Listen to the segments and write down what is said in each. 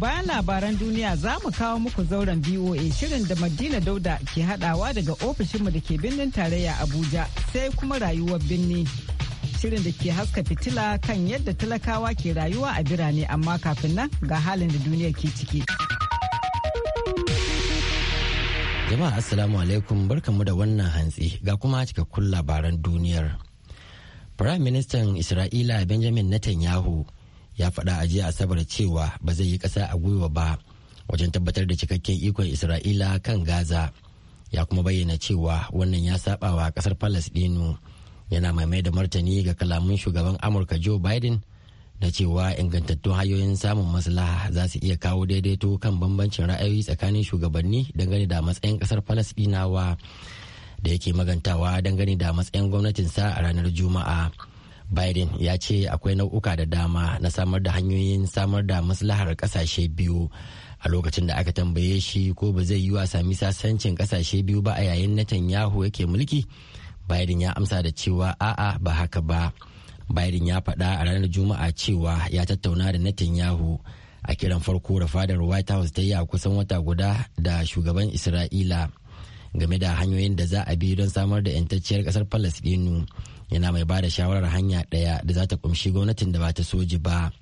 Bayan labaran duniya za mu kawo muku zauren BOA shirin da Madina Dauda ke hadawa daga ofishinmu da ke birnin tarayya Abuja sai kuma rayuwar birni. Shirin da ke haska fitila kan yadda talakawa ke rayuwa a birane amma kafin nan ga halin da duniya ke ciki. Jama'a Assalamu alaikum barkamu da wannan hantsi ga kuma cikakkun labaran duniyar. Firayim Ministan Isra'ila Benjamin Netanyahu ya faɗa a jiya asabar cewa ba zai yi ƙasa a gwiwa ba wajen tabbatar da cikakken ikon isra'ila kan gaza ya kuma bayyana cewa wannan ya saba wa ƙasar palestinu yana maimai da martani ga kalamun shugaban amurka joe biden na cewa ingantattun hanyoyin samun maslaha za su iya kawo daidaito kan bambancin ra'ayoyi tsakanin shugabanni dangane da matsayin ƙasar palestinawa da yake magantawa dangane da matsayin gwamnatinsa a ranar juma'a biden ya ce akwai nau'uka da dama na samar da hanyoyin samar da maslahar kasashe biyu a lokacin da aka tambaye shi ko ba zai yi wa sami sasancin kasashe biyu ba a yayin netanyahu yake mulki biden ya amsa da cewa a'a ba haka ba biden ya faɗa a ranar juma'a cewa ya tattauna da netanyahu a kiran farko da fadar white house ta yi a kusan wata guda da shugaban isra'ila game da hanyoyin da za a bi don samar da 'yantacciyar kasar palestinu yana mai ba da shawarar hanya ɗaya da za ta kumshi gwamnatin da ba ta soji ba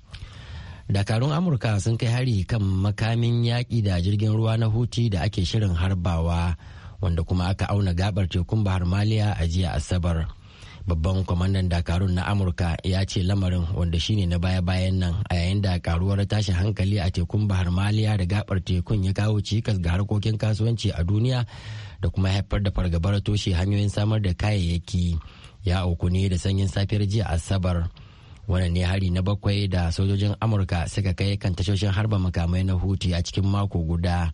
dakarun amurka sun kai hari kan makamin yaƙi da jirgin ruwa na huti da ake shirin harbawa wanda kuma aka auna gabar tekun bahar maliya a jiya asabar babban kwamandan dakarun na amurka ya ce lamarin wanda shine na baya-bayan nan a yayin da karuwar tashin hankali a tekun bahar maliya da gabar tekun ya kawo cikas ga harkokin kasuwanci a duniya da kuma haifar da fargabar toshe hanyoyin samar da kayayyaki ya auku ne da sanyin safiyar jiya asabar wannan ne hari na bakwai da sojojin amurka suka kai kan tashoshin harba makamai na huti a cikin mako guda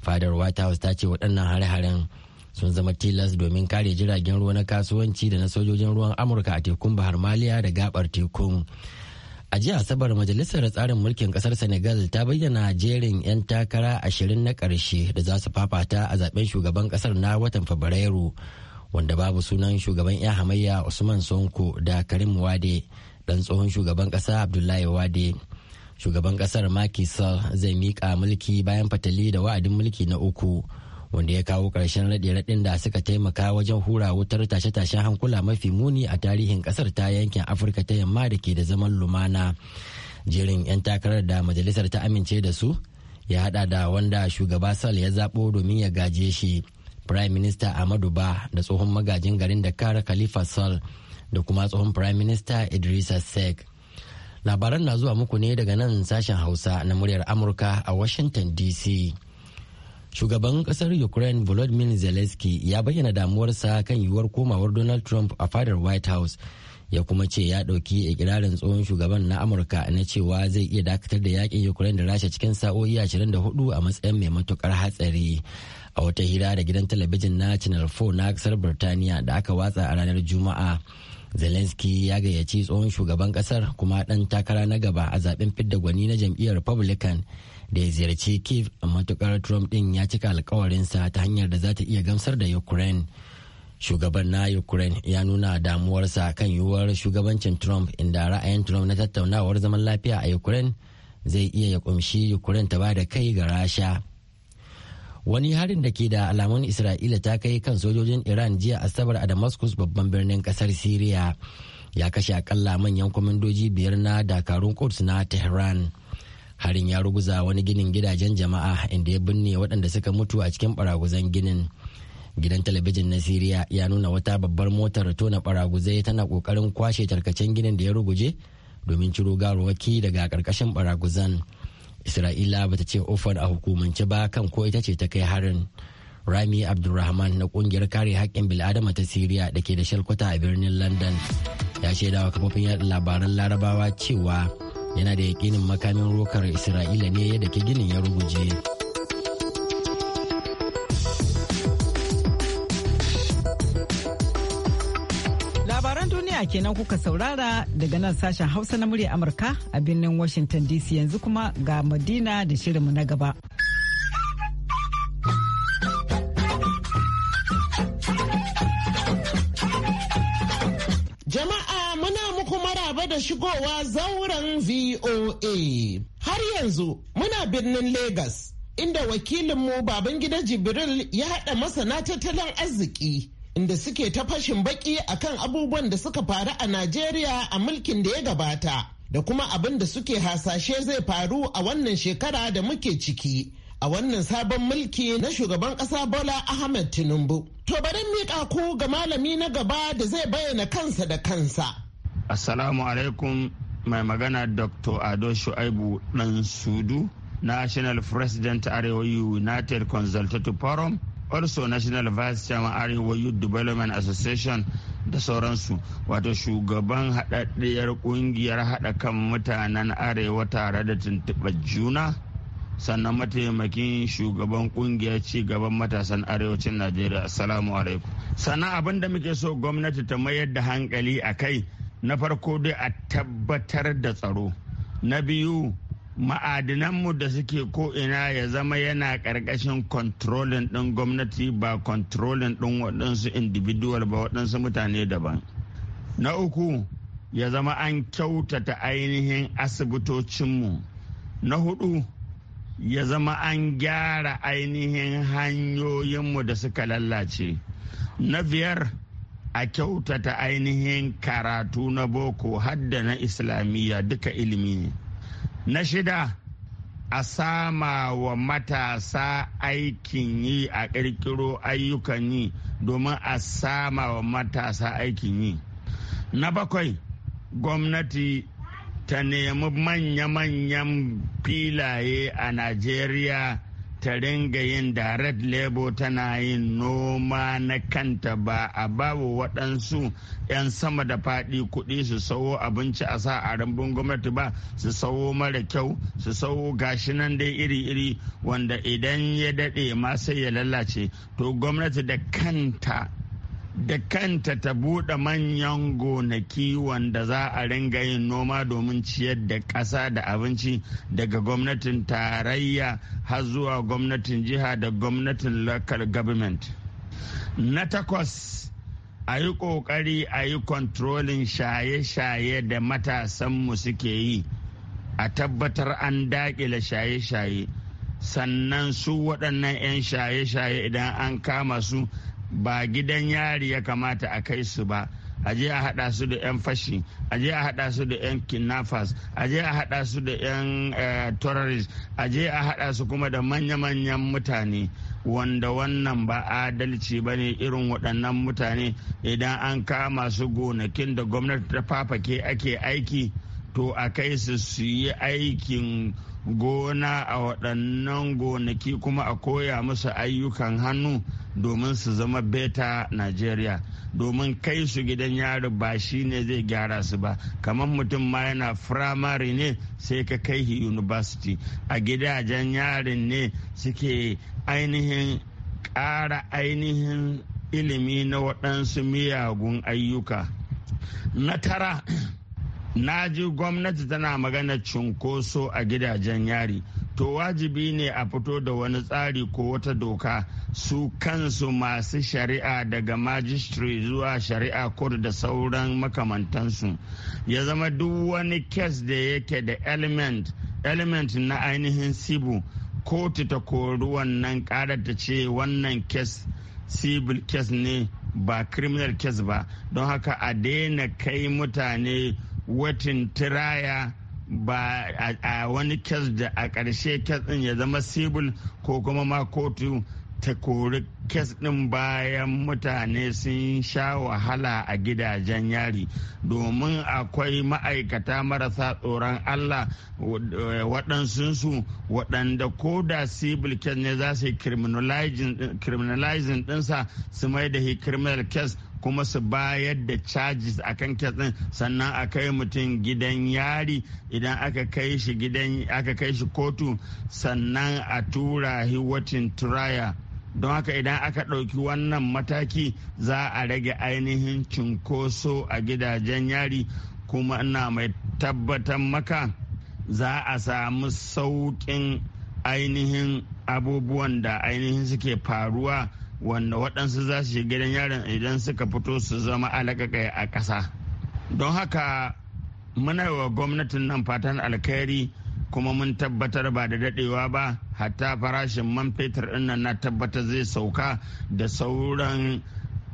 fadar white house ta ce waɗannan hare-haren sun zama tilas domin kare jiragen ruwa na kasuwanci da na sojojin ruwan amurka a tekun bahar maliya da gabar tekun A jiya Asabar Majalisar Tsarin Mulkin Kasar Senegal ta bayyana jerin 'yan takara ashirin na ƙarshe da za su fafata a zaben shugaban ƙasar na watan Fabrairu, wanda babu sunan shugaban 'yan hamayya Usman Sonko da Karim Wade, dan tsohon shugaban ƙasa Abdullahi Wade. Shugaban ƙasar makisar zai miƙa mulki bayan fatali da wa'adin mulki na uku. wanda ya kawo ƙarshen raɗe-raɗin da suka taimaka wajen hura wutar tashe-tashen hankula mafi muni a tarihin ƙasar ta yankin afirka ta yamma da ke da zaman lumana jerin 'yan takarar da majalisar ta amince da su ya hada da wanda shugaba sal ya zaɓo domin ya gaje shi prime minister amadu ba da tsohon magajin garin dakar khalifa sal da kuma tsohon prime minister idrisa sek labaran na zuwa muku ne daga nan sashen hausa na muryar amurka a washington dc Shugaban kasar Ukraine Volodymyr Zelensky ya bayyana damuwarsa kan yiwuwar komawar Donald Trump a fadar White House. ya kuma ce ya ɗauki ikirarin tsohon shugaban na amurka na cewa zai iya dakatar da yakin ukraine da rasha cikin sa'o'i 24 a matsayin mai matukar hatsari a wata hira da gidan talabijin na channel 4 na kasar birtaniya da aka watsa a ranar juma'a zelensky ya gayyaci tsohon shugaban kasar kuma ɗan takara na gaba a zaben fidda gwani na jam'iyyar republican da ya ziyarci kiev matukar trump din ya cika alkawarinsa ta hanyar da za ta iya gamsar da ukraine shugaban na ukraine ya nuna damuwarsa kan yiwuwar shugabancin trump inda ra'ayin trump na tattaunawar zaman lafiya a ukraine zai iya ya kumshi ukraine ta ba da kai ga rasha wani harin da ke da alamun isra'ila ta kai kan sojojin iran jiya asabar a damascus babban birnin kasar syria ya kashe akalla manyan kwamandoji biyar na dakarun quds na tehran harin ya ruguza wani ginin gidajen jama'a inda ya binne waɗanda suka mutu a cikin baraguzan ginin gidan talabijin na siriya ya nuna wata babbar motar tona baraguzai tana kokarin kwashe tarkacen ginin da ya ruguje domin ciro garuwaki daga karkashin baraguzan isra'ila ba ta ce ofar a hukumance ba kan ko ita ce ta kai harin rami abdulrahman na ƙungiyar kare haƙƙin bil'adama ta siriya da ke da shalkwata a birnin london ya shaidawa kafofin yaɗa labaran larabawa cewa yana da yakinin makamin rokar isra'ila ne yadda ke ginin ya ruguje labaran duniya kenan kuka saurara daga nan sashen hausa na murya amurka a birnin washington dc yanzu kuma ga madina da shirinmu na gaba VOA. Har yanzu muna birnin Legas inda wakilinmu gida Jibril ya haɗa masana tattalin arziki. Inda suke ta fashin baki akan abubuwan da suka faru a Najeriya a mulkin da ya gabata da kuma abin da suke hasashe zai faru a wannan shekara da muke ciki. a wannan sabon mulki na shugaban ƙasa Bola Ahmed Tinubu. To bari miƙa ku ga malami na gaba da zai bayyana kansa da kansa. Assalamu alaikum mai magana dr ado shu'aibu dan sudu national president arewa united consultative forum also national vice chairman arewa youth development association da sauransu wato shugaban haɗaɗɗiyar ƙungiyar haɗa kan mutanen arewa tare da tuntuɓar juna sannan mataimakin shugaban kungiyar ci gaban matasan arewacin najeriya assalamu alaikum sannan abin da muke so gwamnati ta mayar da hankali a kai na farko dai a tabbatar da tsaro na biyu ma'adinanmu da suke ko'ina ya zama yana ƙarƙashin kontrolin ɗin gwamnati ba kontrolin ɗin waɗansu individual ba waɗansu mutane daban na uku ya zama an kyautata ainihin asibitocinmu na hudu ya zama an gyara ainihin hanyoyinmu da suka lalace. na biyar a kyautata ainihin karatu na boko hadda na islamiyya duka ilimi ne na shida a sama wa matasa aikin yi a ƙirƙiro ayyukan yi domin a sama wa matasa aikin yi na bakwai gwamnati ta nemi manya-manyan filaye a najeriya ta ringa yin direct labor tana yin noma na kanta ba a babu waɗansu 'yan sama da faɗi kuɗi su sawo abinci a sa a rambun gwamnati ba su sawo mara kyau su sawo gashi nan dai iri-iri wanda idan ya daɗe ma sai ya lalace to gwamnati da kanta da kanta ta buɗe manyan gonaki wanda za a ringa yin noma domin ciyar da ƙasa da abinci daga gwamnatin tarayya har zuwa gwamnatin jiha da gwamnatin local government na takwas a yi ƙoƙari a yi kontrolin shaye-shaye da matasanmu suke yi a tabbatar an daƙile shaye-shaye sannan su waɗannan 'yan shaye-shaye idan an kama su ba gidan yari ya kamata a kai su ba a a haɗa su da 'yan fashi a je a haɗa su da 'yan kidnappers a a haɗa su da 'yan eh, terrorists a a haɗa su kuma da manya-manyan mutane wanda wannan ba adalci ba ne irin waɗannan mutane idan an kama su gonakin da gwamnati ta fafake ake aiki to a kai su su yi aikin gona a waɗannan gonaki kuma a koya musu ayyukan hannu domin su zama beta Najeriya domin kai su gidan yari ba shi ne zai gyara su ba kamar mutum ma yana firamare ne sai ka kai hi university a gidajen yarin ne suke ainihin ƙara ainihin ilimi na waɗansu miyagun ayyuka na tara na ji gwamnati tana magana cunkoso a gidajen yari to wajibi ne a fito da wani tsari ko wata doka su kansu masu shari'a daga majistri zuwa shari'a ko da sauran makamantansu ya zama duk wani kes da yake da element element na ainihin sibu kotu ta kori wannan kada ta ce wannan kes civil kes ne ba criminal kes ba don haka a daina kai mutane watin tiraya ba a wani kes da a ƙarshe kes ɗin ya zama sibil ko kuma ma kotu ta kori kes ɗin bayan mutane sun sha wahala a gidajen yari domin akwai ma'aikata marasa tsoron allah waɗansunsu waɗanda ko da civil kes ne za su yi criminalizing ɗinsa su mai da criminal kes kuma su bayar da charges a kan kitsin sannan a kai mutum gidan yari idan aka kai shi kotu sannan a tura hi watin trial don haka idan aka ɗauki wannan mataki za a rage ainihin cinkoso a gidajen yari kuma ina mai tabbatar maka za a samu sauƙin ainihin abubuwan da ainihin suke faruwa wanda waɗansu za su shiga gidan yaron idan suka fito su zama alaƙaƙai a ƙasa don haka muna wa gwamnatin nan fatan alkhairi kuma mun tabbatar ba da daɗewa ba hatta farashin man fetur ɗinnan na tabbatar zai sauka da sauran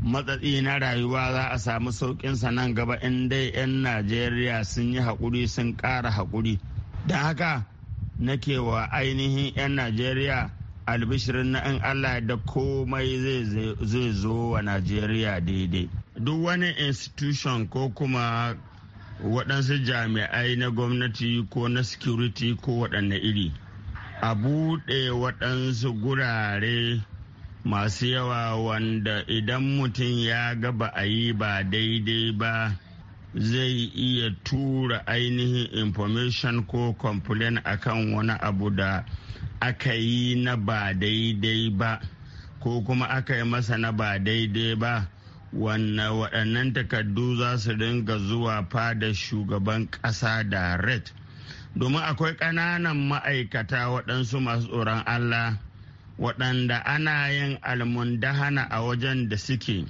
matsatsi na rayuwa za a samu sa nan gaba inda 'yan najeriya sun yi hakuri sun ƙara hakuri don haka nake wa ainihin 'yan najeriya albishirin na yan allah da komai zai zo wa najeriya daidai duk wani institution ko kuma waɗansu jami'ai na gwamnati ko na security ko waɗanne iri a buɗe waɗansu gurare masu yawa wanda idan mutum ya ga ba a yi ba daidai ba zai iya tura ainihin information ko complain akan wani abu da aka yi na ba daidai ba ko kuma aka yi masa na ba daidai ba wanne waɗannan takardu za su dinga zuwa fada shugaban ƙasa da red domin akwai ƙananan ma'aikata waɗansu masu tsoron allah waɗanda ana yin almundahana a wajen da suke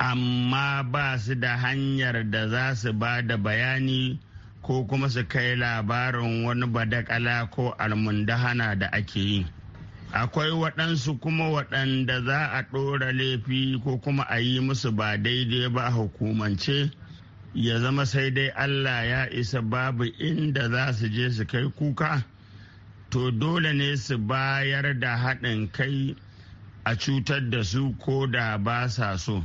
amma ba su da hanyar da za su ba da bayani ko kuma su kai labarin wani badakala ko almundahana da ake yi akwai waɗansu kuma waɗanda za a ɗora laifi ko kuma a yi musu ba daidai ba hukumance ya zama sai dai allah ya isa babu inda za su je su kai kuka to dole ne su bayar da haɗin kai a cutar da su ko da ba sa so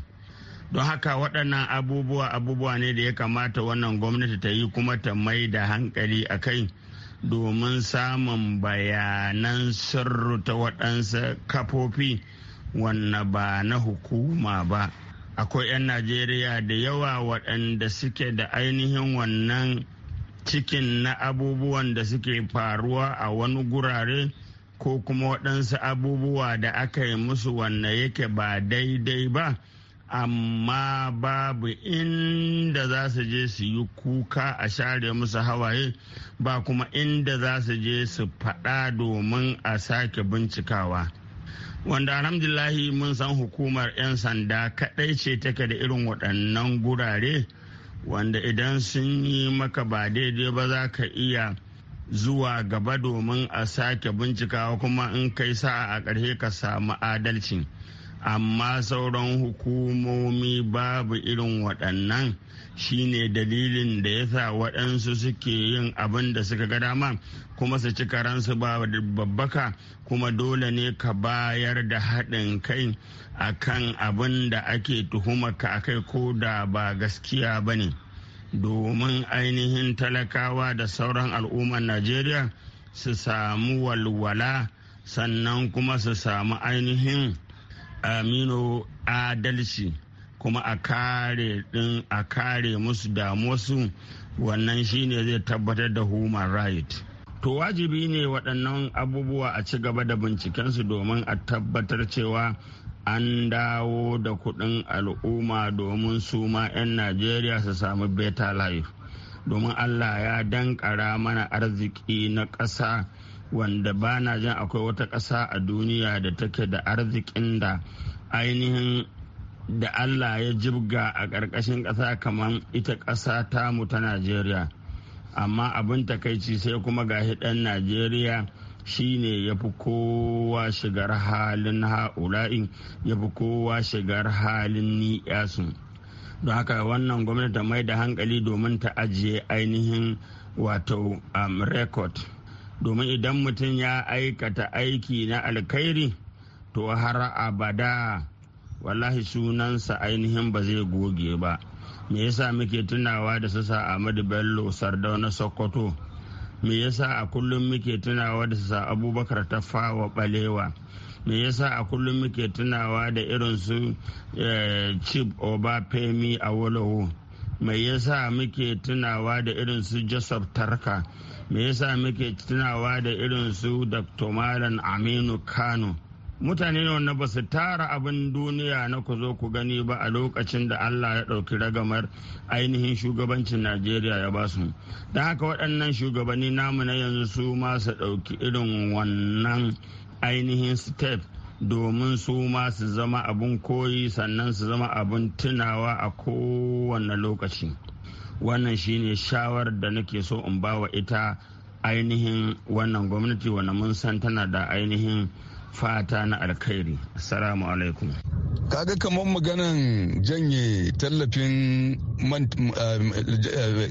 don haka waɗannan abubuwa abubuwa ne da ya kamata wannan gwamnati ta yi kuma ta mai da hankali a kai domin samun bayanan sirru ta waɗansu kafofi wanne ba na hukuma ba akwai 'yan najeriya da yawa waɗanda suke da ainihin wannan cikin na abubuwan da suke faruwa a wani gurare ko kuma waɗansu abubuwa da aka yi musu wanne yake ba daidai ba. amma babu inda za su je su yi kuka a share musu hawaye ba kuma inda za su je su faɗa domin a sake bincikawa wanda alhamdulahi mun san hukumar 'yan sanda kaɗai ce take da irin waɗannan gurare wanda idan sun yi maka ba daidai ba za ka iya zuwa gaba domin a sake bincikawa kuma in kai sa'a a ƙarshe ka samu adalci. amma sauran hukumomi babu irin waɗannan shine dalilin da ya sa waɗansu suke yin abin da suka ga dama kuma su ci karansu babbaka kuma dole ne ka bayar da haɗin kai a kan abin da ake tuhumarka a kai ko da ba gaskiya ba ne domin ainihin talakawa da sauran al'ummar najeriya su samu walwala sannan kuma su samu ainihin aminu adalci kuma a kare din a kare musu damuwarsu wannan shine zai tabbatar da human right to wajibi ne waɗannan abubuwa a ci gaba da bincikensu domin a tabbatar cewa an dawo da kuɗin al'umma domin su ma 'yan najeriya su samu better life domin allah ya dankara mana arziki na ƙasa wanda ba na jin akwai wata ƙasa a duniya da take da arzikin da ainihin da allah ya jibga a ƙarƙashin ƙasa kamar ita ƙasa tamu ta najeriya amma abin takaici sai kuma ga ɗan najeriya ne ya fi kowa shigar halin ha'ula'in ya fi kowa shigar halin ni'yasu don haka wannan gwamnati mai da hankali domin ta ajiye ainihin wato um, domin idan mutum ya aikata aiki na alkhairi to har abada wallahi sunansa ainihin ba zai goge ba me yasa muke tunawa da sasa ahmadu bello na sokoto me yasa a kullum muke tunawa da sasa abubakar tafawa balewa me yasa a kullum muke tunawa da irin su eh, Chief obafemi a wolowo me yasa muke tunawa da irin su joseph tarka me yasa muke tunawa da irin su dr malam aminu kano mutane ne wanda ba su tara abin duniya na ku zo ku gani ba a lokacin da allah ya ɗauki ragamar ainihin shugabancin najeriya ya ba su don haka waɗannan shugabanni namu na yanzu su ma su ɗauki irin wannan ainihin step domin su ma su zama abin koyi sannan su zama abin tunawa a kowane lokaci wannan shine shawarar da nake so in ba wa ita ainihin wannan gwamnati wanda mun san tana da ainihin fata na alkhairi assalamu alaikum kaga kamar maganan janye tallafin eh,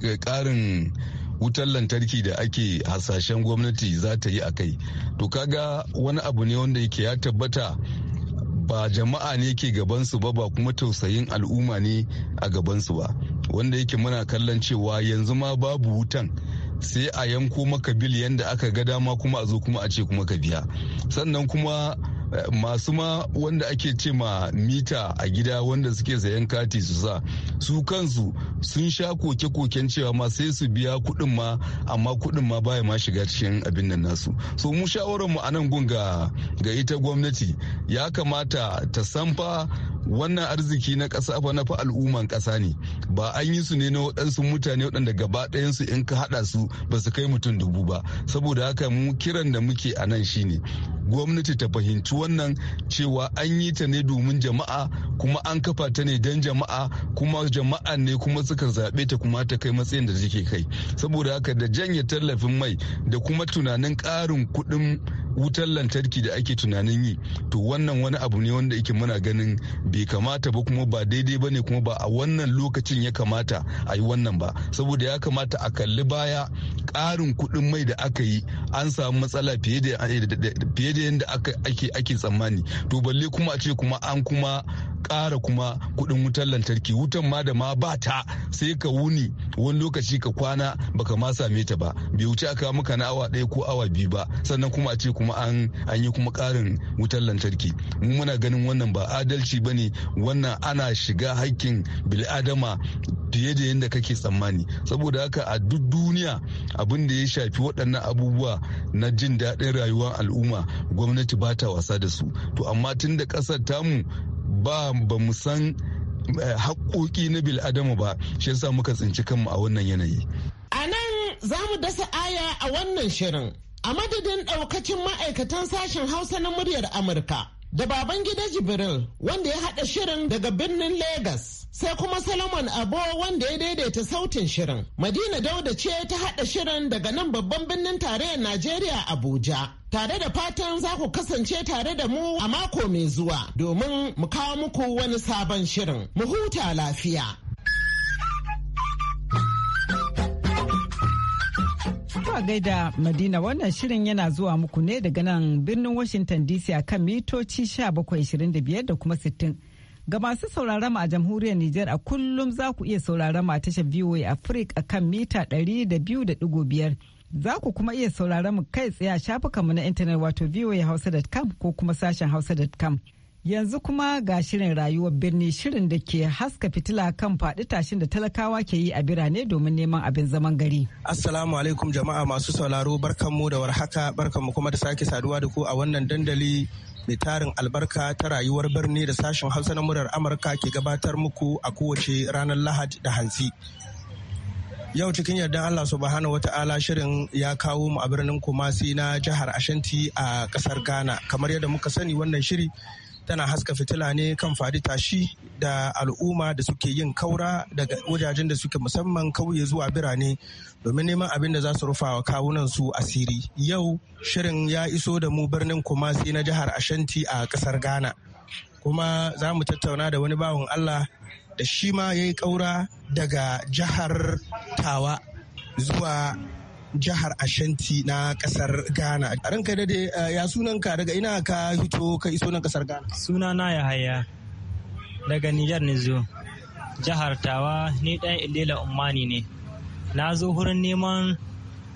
eh, karin wutar lantarki da ake hasashen gwamnati za ta yi a kai to kaga wani abu ne wanda yake ya tabbata ba jama'a ne ke gabansu ba ba kuma tausayin al'umma ne a gabansu ba wanda yake muna kallon cewa yanzu ma babu wutan sai a yanko maka bil yanda aka ga dama kuma a zo kuma a ce kuma ka biya sannan kuma eh, masu ma wanda ake ce ma mita a gida wanda suke sayan kati su sa su kansu sun sha koke-koken cewa ma sai su biya kuɗin ma amma kuɗin ma baya ma shiga cikin abin nan nasu so mu shawarar mu nan gun ga ita gwamnati ya kamata ta sanfa wannan arziki na ƙasa fa na fa al'umman ƙasa ne ba an yi su ne na waɗansu mutane waɗanda gaba ɗayansu in ka haɗa su ba su kai mutum dubu ba saboda haka mu kiran da muke a nan shine gwamnati ta fahimci wannan cewa an yi ta ne domin jama'a kuma an kafa ta ne don jama'a kuma jama'a ne kuma suka zaɓe ta kuma ta kai matsayin da take kai saboda haka da janye tallafin mai da kuma tunanin ƙarin kuɗin wutar lantarki da ake tunanin yi to wannan wani abu ne wanda yake muna ganin bai kamata ba kuma ba daidai ba ne kuma ba a wannan lokacin ya kamata a yi wannan ba saboda ya kamata a kalli baya ƙarin kuɗin mai da aka yi an samu matsala fiye da fiye da yadda ake ake tsammani to balle kuma a ce kuma an kuma ƙara kuma kuɗin wutar lantarki wutan ma da ma ba ta sai ka wuni wani lokaci ka kwana baka ma same ta ba bai wuce aka maka na awa ɗaya ko awa biyu ba sannan kuma a ce kuma an yi kuma ƙarin wutar lantarki mu muna ganin wannan ba adalci ba ne wannan ana shiga haƙƙin bil'adama fiye da yadda kake tsammani saboda haka a duk duniya abin da ya shafi waɗannan abubuwa na jin daɗin rayuwar al'umma gwamnati ba ta wasa da su to amma tun da ƙasar tamu ba ba san eh, haƙoƙi na bil'adama ba shi yasa muka tsinci kanmu a wannan yanayi a nan za mu dasa aya a wannan shirin a madadin ɗaukacin ma'aikatan sashen hausa na muryar amurka da baban gida jibril wanda ya haɗa shirin daga birnin Legas, sai kuma solomon abo wanda ya daidaita sautin shirin madina dauda ce ta haɗa shirin daga nan babban birnin tarayyar najeriya abuja tare da fatan za ku kasance tare da mu a mako mai zuwa domin mu kawo muku wani sabon shirin. Mu huta lafiya. gai gaida Madina wannan shirin yana zuwa muku ne daga nan birnin Washington DC a kan mitoci 1725 da kuma 60. Ga masu sauraron mu a jamhuriyar Nijar a kullum za ku iya sauraron mu a tashar VOA Africa a kan mita 200.5. Za ku kuma iya sauraron mu kai tsaye a shafukanmu na intanet wato voahausa.com ko kuma sashen hausa.com. Yanzu kuma ga shirin rayuwar birni shirin da ke haska fitila kan faɗi tashin da talakawa ke yi a birane domin neman abin zaman gari. Assalamu alaikum jama'a masu sauraro barkanmu da warhaka barkanmu kuma da sake saduwa da ku a wannan dandali mai tarin albarka ta rayuwar birni da sashen hausa na murar Amurka ke gabatar muku a kowace ranar Lahadi da hantsi. Yau cikin yardan Allah subhanahu wata'ala shirin ya kawo mu a birnin Kumasi na jihar Ashanti a kasar Ghana. Kamar yadda muka sani wannan shiri tana haska fitila ne kan fadi tashi da al'umma da suke yin kaura daga wajajen da suke musamman kauye zuwa birane domin neman abin da za su rufa wa kawunan su asiri yau shirin ya iso da mu birnin kumasi na jihar ashanti a kasar ghana kuma za mu tattauna da wani bawan allah da shi ma ya yi ƙaura daga jihar tawa zuwa jihar Ashanti na kasar Ghana. Ranka da eh, ya sunan ka daga ina ka hito ka iso nan kasar Ghana. Suna na ya haya daga Nijar ne Jihar Tawa ni dan Ilela Ummani ne. Na zo hurin neman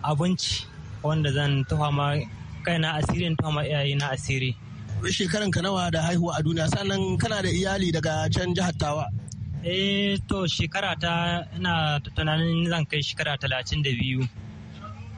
abinci wanda zan tuhama kaina asirin tuhama iyaye na asiri. Shekaran ka nawa da haihuwa a duniya sannan kana da iyali daga can jihar Tawa. Eh to shekara ta ina tunanin zan kai shekara talatin da biyu.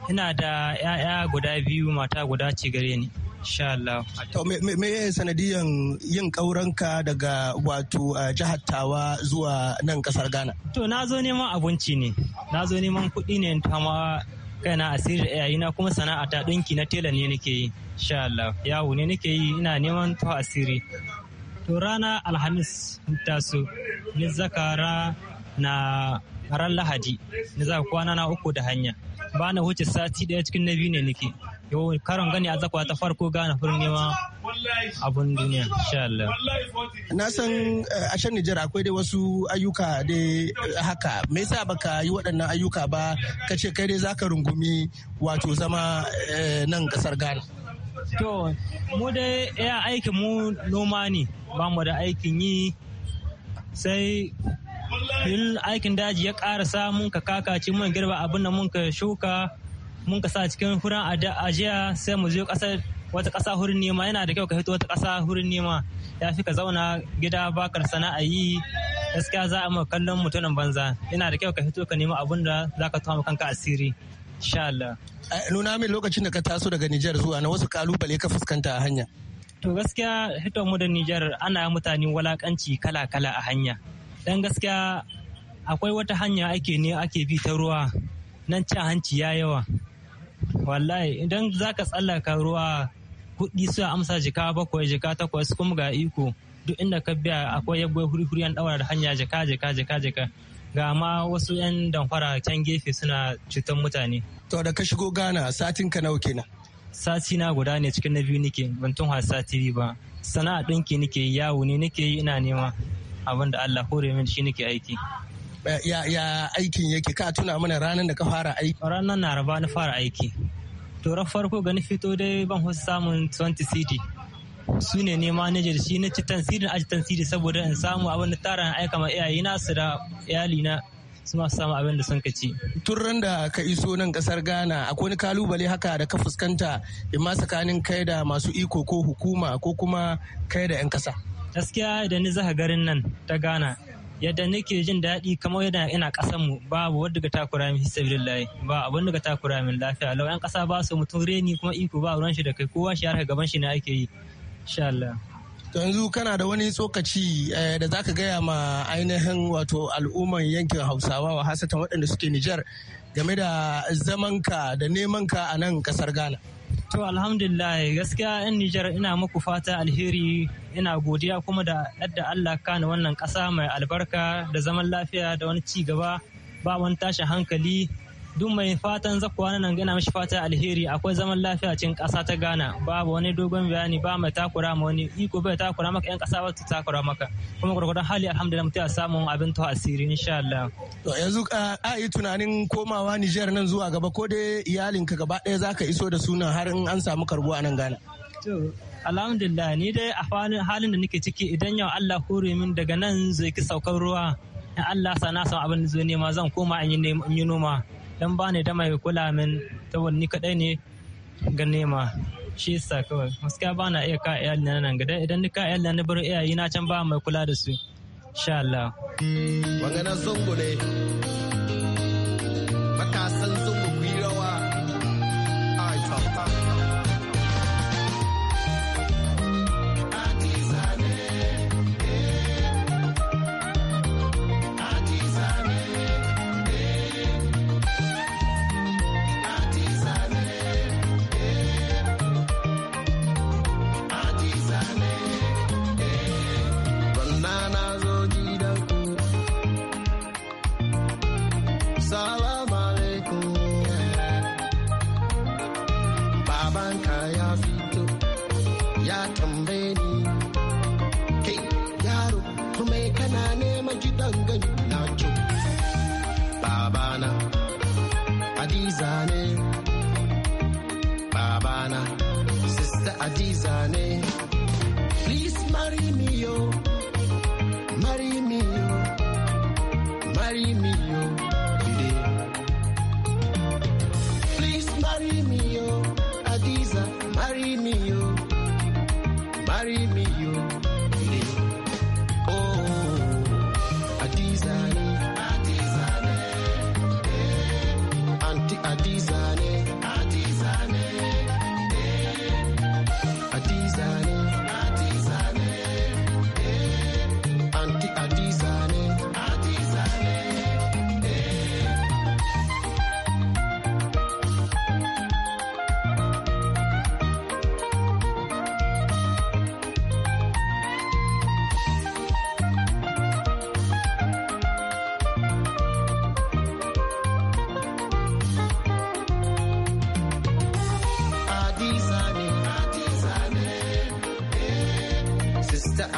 Ina da 'ya'ya guda biyu mata guda ce gare ni. Insha Allah. To me me sanadiyan yin kauranka daga wato jihar Tawa zuwa nan kasar Ghana? To na zo neman abinci ne. Na zo neman kuɗi ne ta ma kaina asiri yayi na kuma sana'a ta ɗinki na tela ne nake yi. Insha Allah. Yawo ne nake yi ina neman to asiri. to rana alhamis taso ni zakara na ran lahadi ni za kwana na uku da hanya ba na wuce sati daya cikin na biyu ne nake yau karon gani a zakwa ta farko gane furin nema abun duniya Allah na san eh, a shan Nijar akwai dai wasu ayyuka da haka me yasa baka yi waɗannan ayyuka ba kace kai dai zaka rungumi wato zama eh, nan ƙasar Ghana To, mu dai ya aikin mu noma ne, ba mu da aikin yi sai yin aikin daji ya karasa mun ka kakaci mun girba abin da mun ka shuka mun ka sa cikin hurin ajiya sai mu je kasar wata ƙasa hurin nema yana da kyau ka hito wata ƙasa hurin nema ya fi ka zauna gida bakar sana'a yi gaskiya za a ma kallon mutumin banza yana da kyau ka hito ka nema abin da za ka tuwa kanka asiri. Insha Nuna min lokacin da ka taso daga Nijar zuwa na wasu kalubale ka fuskanta a hanya. To gaskiya hiton mu da Nijar ana mutane walakanci kala-kala a hanya. Dan gaskiya akwai wata hanya ake ne ake bi ta ruwa nan cin hanci ya yawa. Wallahi idan za ka tsallaka ruwa kuɗi su amsa jika bakwai jika takwas kuma ga iko duk inda ka biya akwai yabbai huri-huri an ɗaura da hanya jika jika jika jika. ga ma wasu 'yan damfara can gefe suna cutar mutane. To da ka shigo Ghana satin ka nawa kenan? Sati na guda ne cikin na biyu nike ban tun sati ba. Sana'a ɗinki nike yawo ne nike yi ina nema abin da Allah hore min shi nike aiki. Eh, ya, ya aikin yake ka tuna mana ranar da ka fara aiki? Ranar raba na fara aiki. To farko ga ni fito dai ban samun 20 CD. su ne ne manajar shi na ci tansiri na aji tansiri saboda in samu abin da tara na aika ma iyayena su da na su masu samu abin da sun ka ci. Tun da ka iso nan kasar Ghana akwai wani kalubale haka da ka fuskanta in ma tsakanin kai da masu iko ko hukuma ko kuma kai da 'yan kasa. Gaskiya idan ni zaka garin nan ta Ghana yadda nake jin daɗi kamar yadda ina ƙasan mu babu wadda ga takura min hisabilillahi ba abin da ga takura min lafiya lau 'yan ƙasa ba su mutum reni kuma iko ba ruwan shi da kai kowa shi har gaban shi ne ake yi yanzu kana da wani tsokaci eh, da za ka gaya ma ainihin wato al'umman yankin hausawa wa hasatan waɗanda suke nijar game da zamanka da nemanka a nan ƙasar ghana to alhamdulillah gaskiya yan nijar ina muku fata alheri ina godiya kuma da yadda allah kana wannan ƙasa mai albarka da zaman lafiya da wani ci gaba ba wani tashi hankali duk mai fatan zakuwa nan gana mashi fata alheri akwai zaman lafiya cikin ƙasa ta Ghana babu wani dogon bayani ba mai takura ma wani iko bai takura maka yan kasa ba ta takura maka kuma gurgurdan hali alhamdulillah mutum ya samu abin to asiri insha Allah to yanzu a yi tunanin komawa Niger nan zuwa gaba ko dai iyalinka gaba ɗaya zaka iso da sunan har in an samu karbuwa nan Ghana alhamdulillah ni dai a halin da nake ciki idan yau Allah hore min daga nan zai ki saukar ruwa in Allah sana san abin da zai nema zan koma in yi noma dan ba ne da mai kula min ta wani kadai ne ga nema shi sa kawai gaskiya ba na iya ka iyali na nan gada idan ni ka iyali na bar iyayi na can ba mai kula da su insha Allah maganar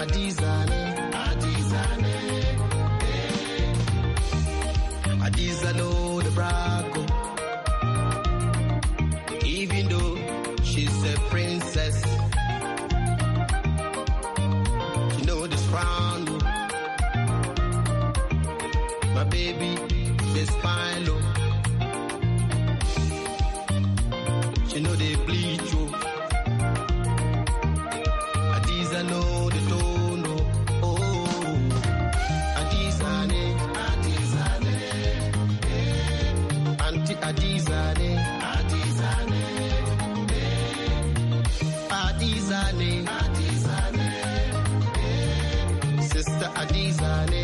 Designer. Design it.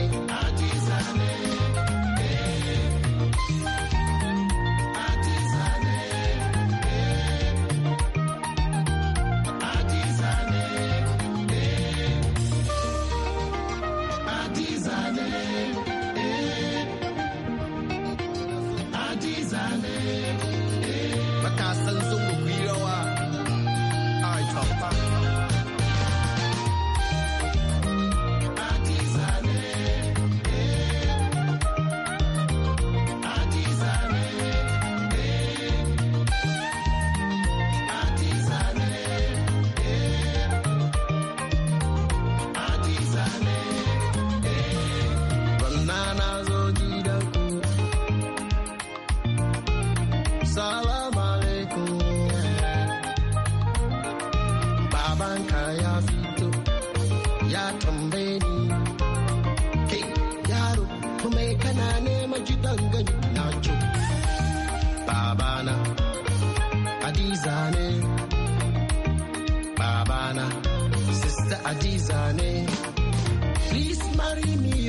need you.